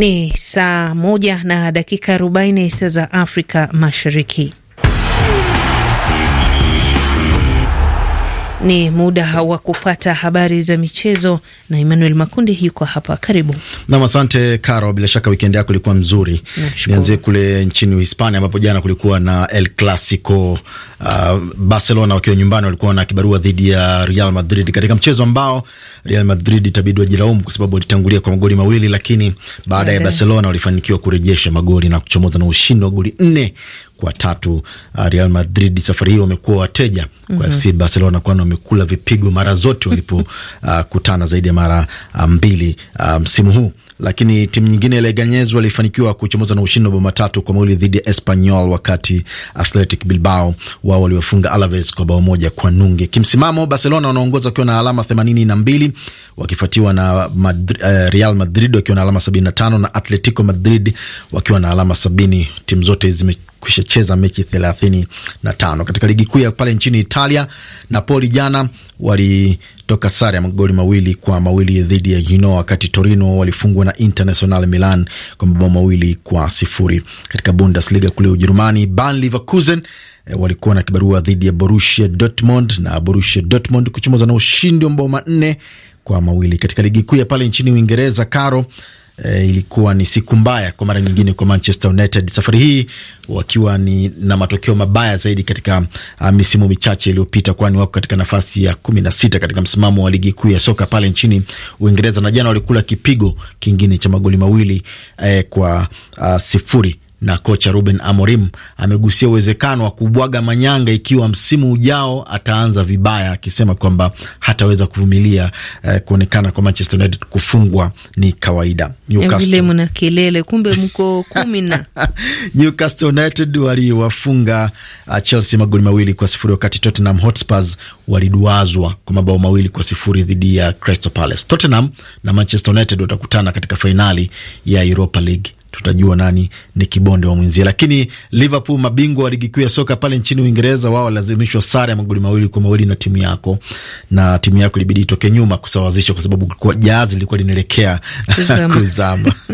Ni saa moja na dakika arobaini saa za Afrika Mashariki. Ni muda wa kupata habari za michezo na Emmanuel Makundi yuko hapa, karibu nam. Asante Karo, bila shaka wikendi yako ilikuwa mzuri. Nianzie kule nchini Uhispania ambapo jana kulikuwa na El Clasico. Uh, Barcelona wakiwa nyumbani walikuwa na kibarua dhidi ya Real Madrid katika mchezo ambao Real Madrid itabidi wajilaumu kwa sababu walitangulia kwa magoli mawili, lakini baada ya Barcelona walifanikiwa kurejesha magoli na kuchomoza na ushindi wa goli nne kwa tatu. Uh, Real Madrid safari hii wamekuwa wateja kwa mm -hmm. FC Barcelona, kwani wamekula vipigo mara zote walipokutana uh, zaidi ya mara uh, mbili uh, msimu um, huu lakini timu nyingine ya Leganés walifanikiwa kuchomoza na ushindi wa bao matatu kwa mawili dhidi ya Espanyol, wakati Athletic Bilbao wao waliwafunga Alaves kwa bao moja kwa nunge. Kimsimamo, Barcelona wanaongoza wakiwa na alama themanini na mbili wakifuatiwa na Madri, uh, Real Madrid wakiwa na alama sabini na tano na Atletico Madrid wakiwa na alama sabini. Timu zote zime kisha cheza mechi thelathini na tano. Katika ligi kuu ya pale nchini Italia, Napoli jana wali toka sare ya magoli mawili kwa mawili dhidi ya Genoa, wakati Torino walifungwa na International Milan kwa mabao mawili kwa sifuri. Katika Bundesliga kule Ujerumani, Bayer Leverkusen eh, walikuwa na kibarua dhidi ya Borussia Dortmund na Borussia Dortmund kuchomoza na ushindi wa mabao manne kwa mawili. Katika ligi kuu ya pale nchini Uingereza, Caro eh, ilikuwa ni siku mbaya kwa mara nyingine kwa Manchester United, safari hii wakiwa ni na matokeo mabaya zaidi katika uh, misimu michache iliyopita, kwani wako katika nafasi ya kumi na sita katika msimamo wa ligi kuu ya soka pale nchini Uingereza, na jana walikula kipigo kingine cha magoli mawili eh, kwa uh, sifuri na kocha Ruben Amorim amegusia uwezekano wa kubwaga manyanga ikiwa msimu ujao ataanza vibaya, akisema kwamba hataweza kuvumilia eh, kuonekana kwa Manchester United kufungwa ni kawaida. Vile mna kelele, kumbe mko kumi na Newcastle United waliwafunga uh, Chelsea magoli mawili kwa sifuri wakati Tottenham Hotspurs waliduazwa kwa mabao mawili kwa sifuri dhidi ya Crystal Palace. Tottenham na Manchester United watakutana katika fainali ya Europa League tutajua nani ni kibonde wa mwenzie. Lakini Liverpool, mabingwa wa ligi kuu ya soka pale nchini Uingereza, wao walazimishwa sare ya magoli mawili kwa mawili na timu yako, na timu yako ilibidi itoke nyuma kusawazisha, kwa sababu jahazi lilikuwa linaelekea kuzama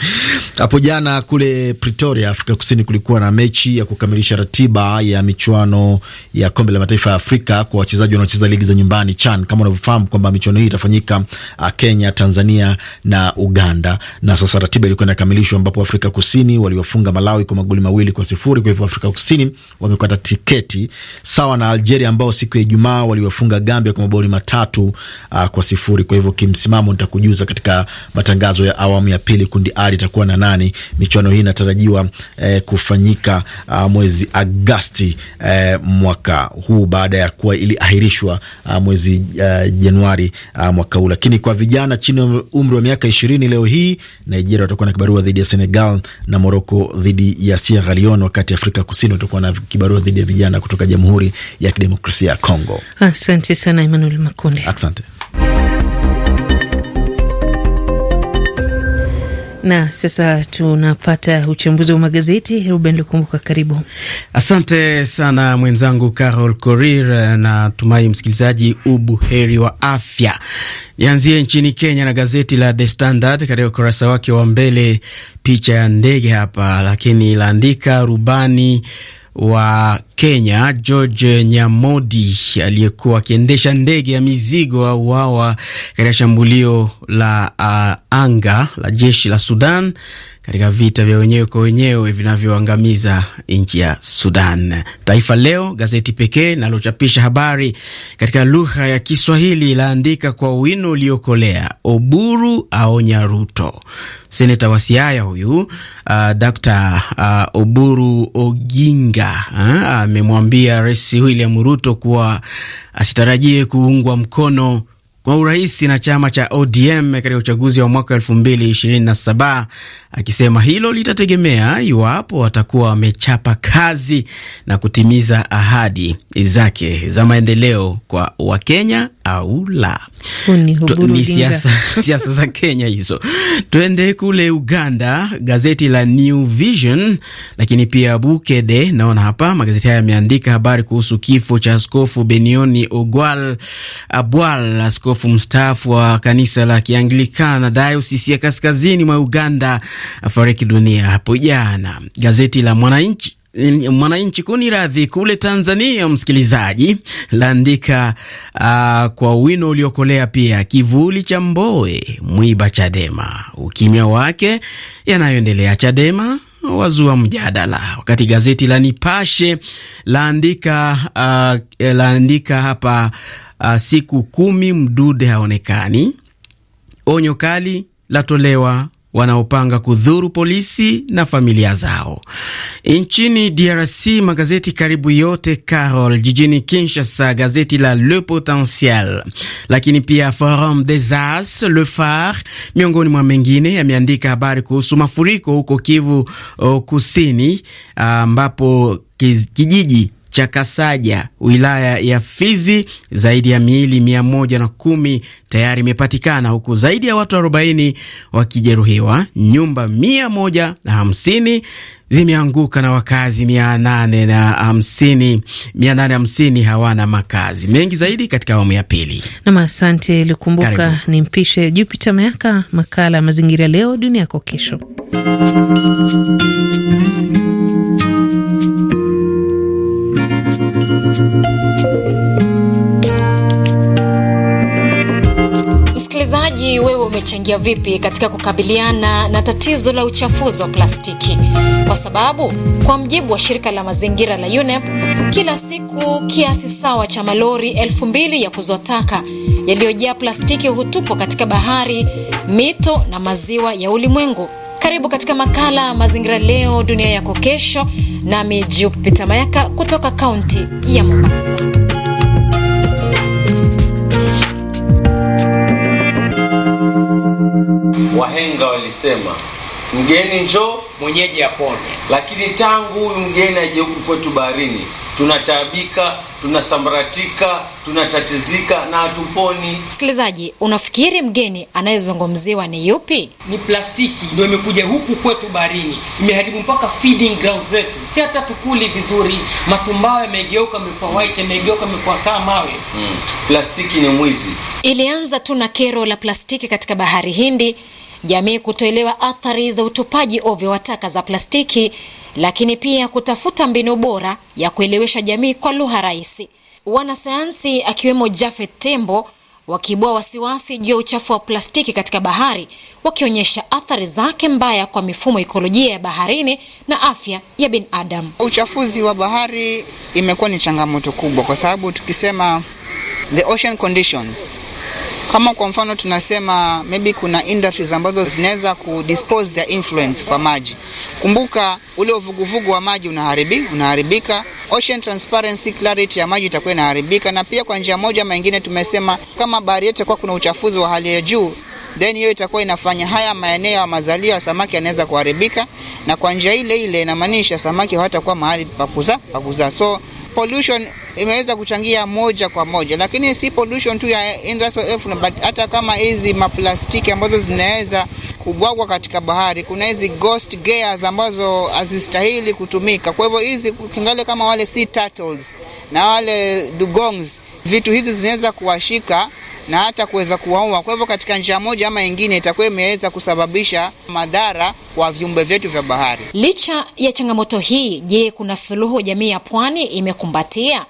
Hapo jana kule Pretoria, Afrika Kusini, kulikuwa na mechi ya kukamilisha ratiba ya michuano ya kombe la mataifa ya Afrika kwa wachezaji wanaocheza ligi za nyumbani CHAN. Kama unavyofahamu kwamba michuano hii itafanyika uh, Kenya, Tanzania na Uganda, na sasa ratiba ilikuwa inakamilishwa, ambapo Afrika Kusini waliwafunga Malawi kwa magoli mawili kwa sifuri. Kwa hivyo Afrika Kusini wamepata tiketi sawa na Algeria ambao siku ya Ijumaa waliwafunga Gambia kwa magoli matatu uh, kwa sifuri. Kwa hivyo kimsimamo nitakujuza katika matangazo ya awamu ya pili kundi A tayari itakuwa na nani. Michuano hii inatarajiwa eh, kufanyika uh, mwezi Agasti eh, mwaka huu baada ya kuwa iliahirishwa uh, mwezi uh, Januari uh, mwaka huu. Lakini kwa vijana chini ya umri wa miaka ishirini, leo hii Nigeria watakuwa na kibarua dhidi ya Senegal na Moroko dhidi ya Sierra Leone, wakati Afrika Kusini watakuwa na kibarua dhidi ya vijana kutoka Jamhuri ya Kidemokrasia ya Kongo. Asante sana Emmanuel Makunde, asante. Na sasa tunapata uchambuzi wa magazeti. Ruben Lukumbuka, karibu. Asante sana mwenzangu Carol Korir, na tumai msikilizaji ubuheri wa afya. Nianzie nchini Kenya na gazeti la The Standard. Katika ukurasa wake wa mbele, picha ya ndege hapa, lakini ilaandika rubani wa Kenya George Nyamodi aliyekuwa akiendesha ndege ya mizigo auawa katika shambulio la uh, anga la jeshi la Sudan katika vita vya wenyewe kwa wenyewe vinavyoangamiza nchi ya Sudan. Taifa Leo, gazeti pekee linalochapisha habari katika lugha ya Kiswahili, laandika kwa wino uliokolea, Oburu aonya Ruto. Seneta wa Siaya huyu, uh, Dr. uh, Oburu Oginga uh, amemwambia uh, Rais William Ruto kuwa asitarajie kuungwa mkono kwa urais na chama cha ODM katika uchaguzi wa mwaka 2027 akisema hilo litategemea iwapo watakuwa wamechapa kazi na kutimiza ahadi zake za maendeleo kwa Wakenya au la. Ni siasa za Kenya hizo. Twende kule Uganda, gazeti la New Vision lakini pia Bukede, naona hapa magazeti haya yameandika habari kuhusu kifo cha Askofu Benioni Ogwal Abwal, askofu mstaafu wa kanisa la Kianglikana dayosisi ya kaskazini mwa Uganda, afariki dunia hapo jana. Gazeti la Mwananchi Mwananchi kuni radhi kule Tanzania, msikilizaji laandika uh, kwa wino uliokolea pia, kivuli cha Mbowe mwiba Chadema, ukimya wake yanayoendelea Chadema wazua mjadala. Wakati gazeti la Nipashe laandika uh, laandika hapa uh, siku kumi Mdude haonekani, onyo kali latolewa wanaopanga kudhuru polisi na familia zao. Nchini DRC, magazeti karibu yote Carol. Jijini Kinshasa, gazeti la Le Potentiel, lakini pia Forum des As, Le Phare, miongoni mwa mengine yameandika habari kuhusu mafuriko huko Kivu oh, Kusini ambapo kijiji cha Kasaja, wilaya ya Fizi. Zaidi ya miili mia moja na kumi tayari imepatikana huku zaidi ya watu 40 wakijeruhiwa. Nyumba mia moja na hamsini zimeanguka na wakazi mia nane na hamsini mia nane hamsini hawana makazi mengi zaidi katika awamu ya pili. Nam, asante Likumbuka. Ni mpishe Jupiter Mayaka, makala ya mazingira leo dunia yako kesho. Msikilizaji, wewe umechangia vipi katika kukabiliana na tatizo la uchafuzi wa plastiki? Kwa sababu kwa mjibu wa shirika la mazingira la UNEP, kila siku kiasi sawa cha malori elfu mbili ya kuzotaka yaliyojaa plastiki hutupwa katika bahari, mito na maziwa ya ulimwengu. Karibu katika makala Mazingira Leo, Dunia Yako Kesho, nami Jupita Mayaka kutoka kaunti ya Mombasa. Wahenga walisema mgeni njo mwenyeji apone, lakini tangu huyu mgeni aje huku kwetu baharini, tunataabika, tunasambaratika, tunatatizika na hatuponi. Msikilizaji, unafikiri mgeni anayezungumziwa ni yupi? Ni plastiki ndio imekuja huku kwetu baharini, imeharibu mpaka feeding ground zetu, si hata tukuli vizuri. matumbao yamegeuka imekuwa white, yamegeuka imekuwa kaa mawe. hmm. plastiki ni mwizi. Ilianza tu na kero la plastiki katika bahari Hindi jamii kutoelewa athari za utupaji ovyo wa taka za plastiki, lakini pia kutafuta mbinu bora ya kuelewesha jamii kwa lugha rahisi. Wanasayansi akiwemo Jafet Tembo wakibua wasiwasi juu ya uchafu wa plastiki katika bahari, wakionyesha athari zake mbaya kwa mifumo ikolojia ya baharini na afya ya binadamu. Uchafuzi wa bahari imekuwa ni changamoto kubwa, kwa sababu tukisema the ocean conditions kama kwa mfano tunasema maybe kuna industries ambazo zinaweza kudispose their influence kwa maji. Kumbuka ule uvuguvugu wa maji unaharibi, unaharibika. Ocean transparency clarity ya maji itakuwa inaharibika, na pia kwa njia moja ama nyingine tumesema kama bahari yetu kwa kuna uchafuzi wa hali ya juu then hiyo itakuwa inafanya haya maeneo ya mazalia ya samaki yanaweza kuharibika, na kwa njia ile ile inamaanisha samaki hawatakuwa mahali pa kuzaa pa kuzaa. So pollution imeweza kuchangia moja kwa moja, lakini si pollution tu ya industrial effluent, but hata kama hizi maplastiki ambazo zinaweza kubwagwa katika bahari. Kuna hizi ghost gears ambazo hazistahili kutumika. Kwa hivyo hizi kingale kama wale sea turtles na wale dugongs, vitu hizi zinaweza kuwashika na hata kuweza kuwaua. Kwa hivyo katika njia moja ama nyingine itakuwa imeweza kusababisha madhara kwa viumbe vyetu vya bahari. Licha ya changamoto hii, je, kuna suluhu jamii ya pwani imekumbatia?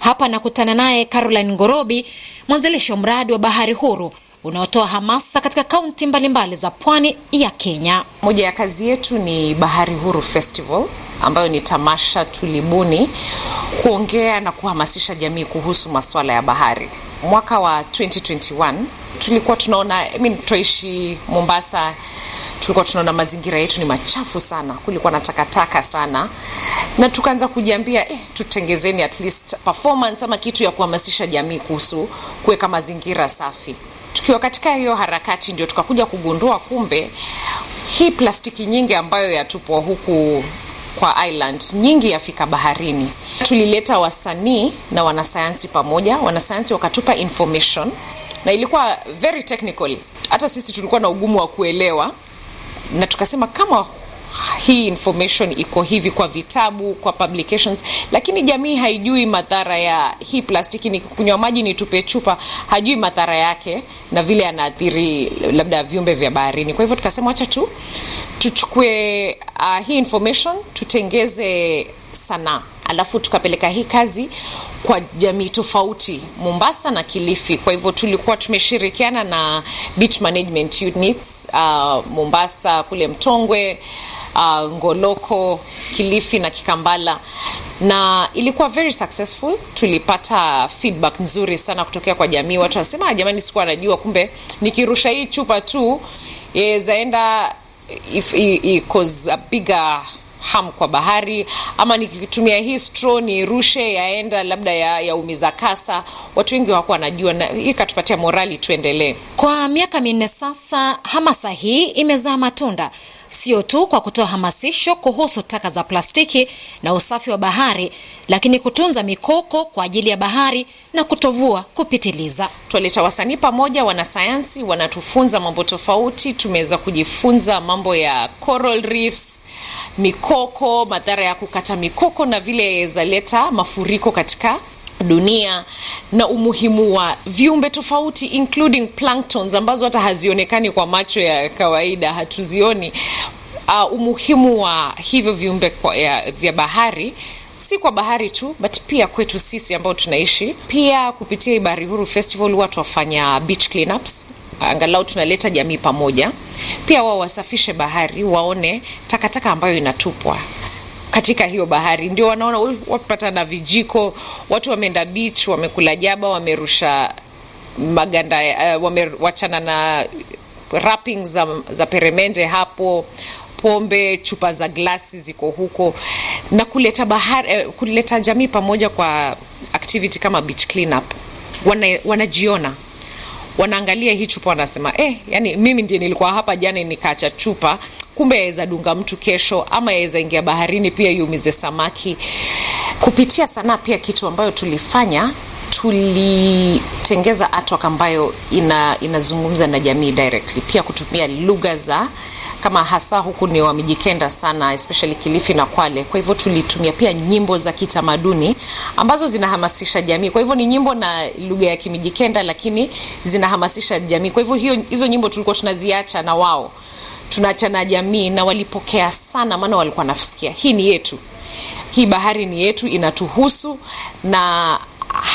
Hapa nakutana naye Caroline Ngorobi, mwanzilishi wa mradi wa Bahari Huru unaotoa hamasa katika kaunti mbalimbali za pwani ya Kenya. Moja ya kazi yetu ni Bahari Huru Festival ambayo ni tamasha tulibuni kuongea na kuhamasisha jamii kuhusu masuala ya bahari. Mwaka wa 2021 tulikuwa tunaona I mean, twaishi Mombasa tulikuwa tunaona mazingira yetu ni machafu sana, kulikuwa na takataka sana, na tukaanza kujiambia eh, tutengezeni at least performance ama kitu ya kuhamasisha jamii kuhusu kuweka mazingira safi. Tukiwa katika hiyo harakati, ndio tukakuja kugundua kumbe hii plastiki nyingi ambayo yatupwa huku kwa island nyingi yafika baharini. Tulileta wasanii na wanasayansi pamoja, wanasayansi wakatupa information na ilikuwa very technical, hata sisi tulikuwa na ugumu wa kuelewa na tukasema kama hii information iko hivi kwa vitabu, kwa publications, lakini jamii haijui madhara ya hii plastiki. Ni kunywa maji ni tupe chupa, hajui madhara yake na vile anaathiri labda viumbe vya baharini. Kwa hivyo tukasema wacha tu tuchukue uh, hii information tutengeze sanaa alafu tukapeleka hii kazi kwa jamii tofauti Mombasa na Kilifi. Kwa hivyo tulikuwa tumeshirikiana na beach management units uh, Mombasa kule Mtongwe, uh, Ngoloko, Kilifi na Kikambala na ilikuwa very successful. Tulipata feedback nzuri sana kutokea kwa jamii. Watu wanasema ah, jamani, sikuwa najua, kumbe nikirusha hii chupa tu yezaenda if, it causes a bigger ham kwa bahari, ama nikitumia hii stro ni rushe yaenda labda ya, ya umiza kasa. Watu wengi wako wanajua, na hii ikatupatia morali tuendelee. Kwa miaka minne sasa, hamasa hii imezaa matunda sio tu kwa kutoa hamasisho kuhusu taka za plastiki na usafi wa bahari, lakini kutunza mikoko kwa ajili ya bahari na kutovua kupitiliza. Twaleta wasanii pamoja, wanasayansi wanatufunza mambo tofauti. Tumeweza kujifunza mambo ya coral reefs mikoko, madhara ya kukata mikoko na vile yawezaleta mafuriko katika dunia na umuhimu wa viumbe tofauti including planktons ambazo hata hazionekani kwa macho ya kawaida, hatuzioni. Uh, umuhimu wa hivyo viumbe vya bahari si kwa bahari tu but pia kwetu sisi ambao tunaishi. Pia kupitia Bahari Huru Festival watu wafanya beach cleanups angalau tunaleta jamii pamoja. Pia wao wasafishe bahari, waone takataka taka ambayo inatupwa katika hiyo bahari, ndio wanaona wapata na vijiko, watu wameenda bich wamekula jaba, wamerusha maganda, uh, eh, wamewachana na wrapping za, za peremende hapo pombe chupa za glasi ziko huko na kuleta bahari, eh, kuleta jamii pamoja kwa activity kama beach cleanup. Wana, wanajiona wanaangalia hii chupa wanasema eh, yani mimi ndiye nilikuwa hapa jana nikaacha chupa, kumbe yaweza dunga mtu kesho, ama yaweza ingia baharini pia iumize samaki. Kupitia sanaa pia kitu ambayo tulifanya tulitengeza artwork ambayo ina, inazungumza na jamii directly, pia kutumia lugha za kama hasa huku ni wamejikenda sana especially Kilifi na Kwale. Kwa hivyo tulitumia pia nyimbo za kitamaduni ambazo zinahamasisha jamii. Kwa hivyo ni nyimbo na lugha ya Kimijikenda, lakini zinahamasisha jamii. Kwa hivyo hiyo hizo nyimbo tulikuwa tunaziacha na wao, tunaacha na jamii, na walipokea sana, maana walikuwa nafsikia hii ni yetu, hii bahari ni yetu, inatuhusu na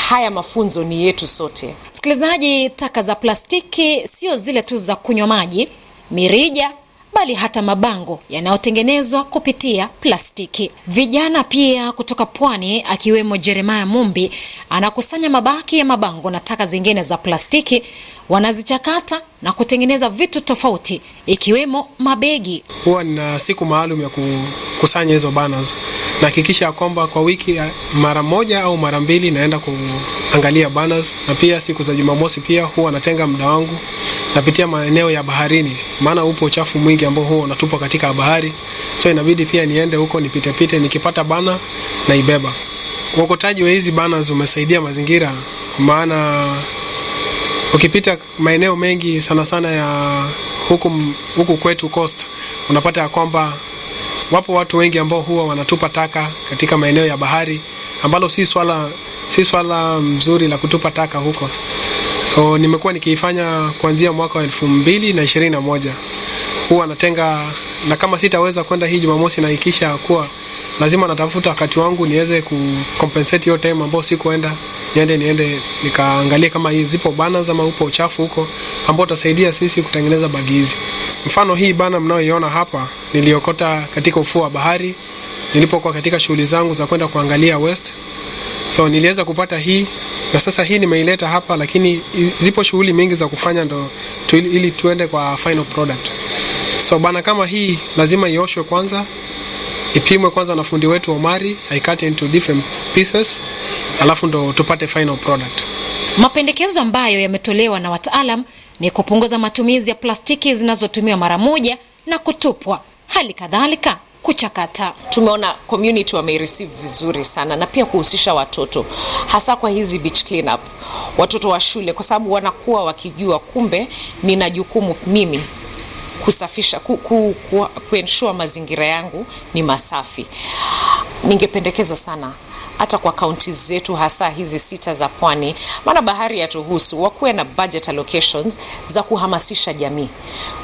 haya mafunzo ni yetu sote. Msikilizaji, taka za plastiki sio zile tu za kunywa maji, mirija bali hata mabango yanayotengenezwa kupitia plastiki. Vijana pia kutoka pwani akiwemo Jeremaya Mumbi anakusanya mabaki ya mabango na taka zingine za plastiki wanazichakata na kutengeneza vitu tofauti ikiwemo mabegi. Huwa nina siku maalum ya kukusanya hizo banners, nahakikisha ya kwamba kwa wiki mara moja au mara mbili naenda kuangalia banners, na pia siku za Jumamosi pia huwa natenga muda wangu napitia maeneo ya baharini, maana upo uchafu mwingi ambao huwa unatupwa katika bahari, so inabidi pia niende huko nipitepite, nikipata bana naibeba. Uokotaji wa hizi banners umesaidia mazingira maana Ukipita maeneo mengi sana sana ya huku, huku kwetu Coast unapata ya kwamba wapo watu wengi ambao huwa wanatupa taka katika maeneo ya bahari ambalo si swala, si swala mzuri la kutupa taka huko. So nimekuwa nikiifanya kuanzia mwaka wa elfu mbili na ishirini na moja huwa natenga, na kama sitaweza kwenda hii Jumamosi nahakikisha kuwa lazima natafuta wakati wangu niweze ku compensate hiyo time ambayo sikuenda, niende niende nikaangalie kama hii zipo bana ama upo uchafu huko ambao utasaidia sisi kutengeneza bagi hizi. Mfano hii bana mnayoiona hapa niliokota katika ufuo wa bahari nilipokuwa katika shughuli zangu za kwenda kuangalia West. So niliweza kupata hii na sasa hii nimeileta hapa, lakini zipo shughuli mingi za kufanya ndo tu, ili tuende kwa final product. So bana kama hii lazima ioshwe kwanza ipimwe kwanza na fundi wetu Omari, aikate into different pieces, alafu ndo tupate final product. Mapendekezo ambayo yametolewa na wataalam ni kupunguza matumizi ya plastiki zinazotumiwa mara moja na kutupwa, hali kadhalika kuchakata. Tumeona community wamereceive vizuri sana, na pia kuhusisha watoto, hasa kwa hizi beach cleanup, watoto wa shule, kwa sababu wanakuwa wakijua kumbe nina jukumu mimi kusafisha ku, ku, ku, kuensure mazingira yangu ni masafi ningependekeza sana hata kwa kaunti zetu hasa hizi sita za pwani maana bahari yatuhusu wakuwe na budget allocations za kuhamasisha jamii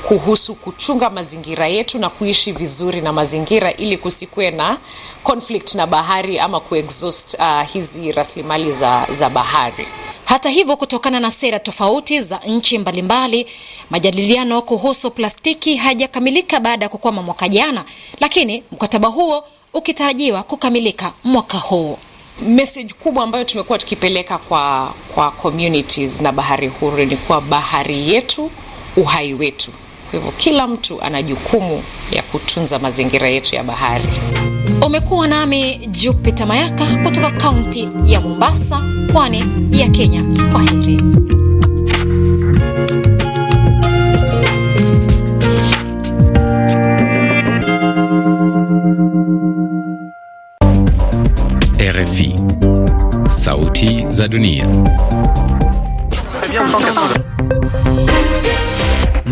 kuhusu kuchunga mazingira yetu na kuishi vizuri na mazingira ili kusikue na conflict na bahari ama kuexhaust uh, hizi rasilimali za, za bahari hata hivyo, kutokana na sera tofauti za nchi mbalimbali, majadiliano kuhusu plastiki hayajakamilika baada ya kukwama mwaka jana, lakini mkataba huo ukitarajiwa kukamilika mwaka huu. Message kubwa ambayo tumekuwa tukipeleka kwa, kwa communities na bahari huru ni kuwa bahari yetu uhai wetu. Kwa hivyo kila mtu ana jukumu ya kutunza mazingira yetu ya bahari. Umekuwa nami Jupita Mayaka kutoka kaunti ya Mombasa, pwani ya Kenya. Kwa heri. RFI, sauti za dunia.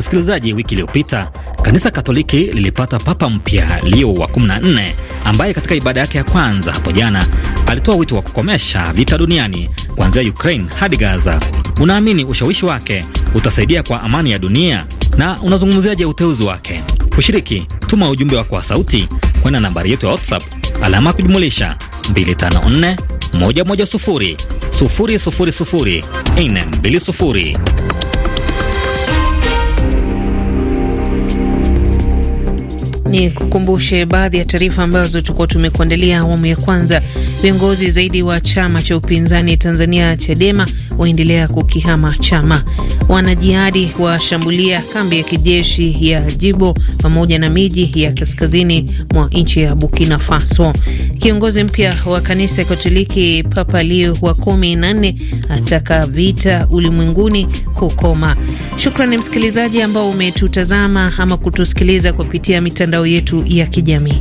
Msikilizaji, wiki iliyopita kanisa Katoliki lilipata papa mpya Leo wa 14 ambaye katika ibada yake ya kwanza hapo jana alitoa wito wa kukomesha vita duniani kuanzia Ukraine hadi Gaza. Unaamini ushawishi wake utasaidia kwa amani ya dunia? Na unazungumziaje uteuzi wake? Kushiriki, tuma ujumbe wako wa sauti kwenda nambari yetu ya WhatsApp alama kujumulisha 254 110 000 420. Ni kukumbushe baadhi ya taarifa ambazo tulikuwa tumekuandalia awamu ya kwanza. Viongozi zaidi wa chama cha upinzani Tanzania Chadema waendelea kukihama chama. Wanajihadi washambulia kambi ya kijeshi ya Jibo pamoja na miji ya kaskazini mwa nchi ya Burkina Faso. Kiongozi mpya wa kanisa Katoliki Papa Leo wa kumi na nne ataka vita ulimwenguni kukoma. Shukrani msikilizaji ambao umetutazama ama kutusikiliza kupitia mitandao yetu ya kijamii.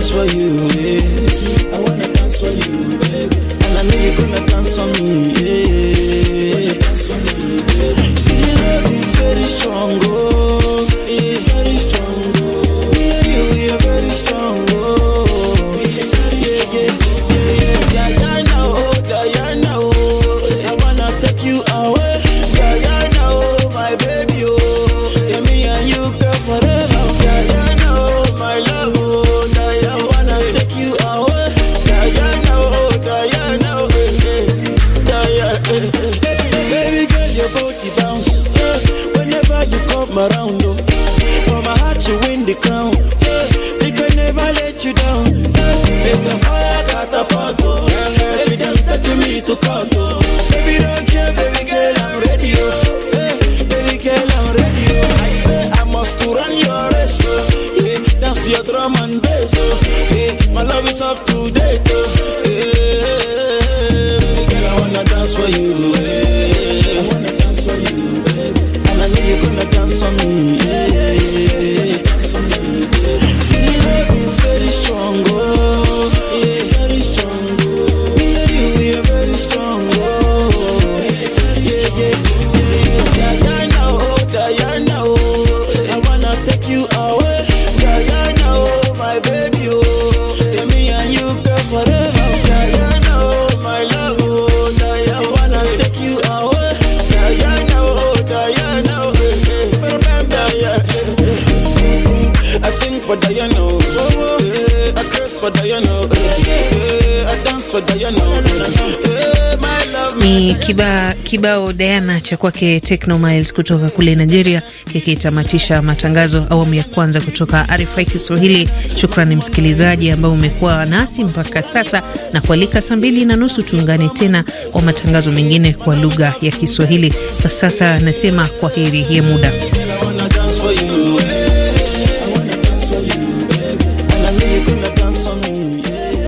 just for you. Eh, girl, I wanna dance for you. I wanna dance for you, baby. And I know you to dance for me. for Diana. Oh, eh, yeah, I curse for Diana. Yeah, I dance for Diana. Yeah, ni kiba kibao Diana cha kwake Techno Miles kutoka kule Nigeria kikitamatisha matangazo awamu ya kwanza kutoka RFI Kiswahili. Shukrani msikilizaji ambao umekuwa nasi mpaka sasa, na kualika saa mbili na nusu tuungane tena kwa matangazo mengine kwa lugha ya Kiswahili. Kwa sasa nasema kwa heri ya muda.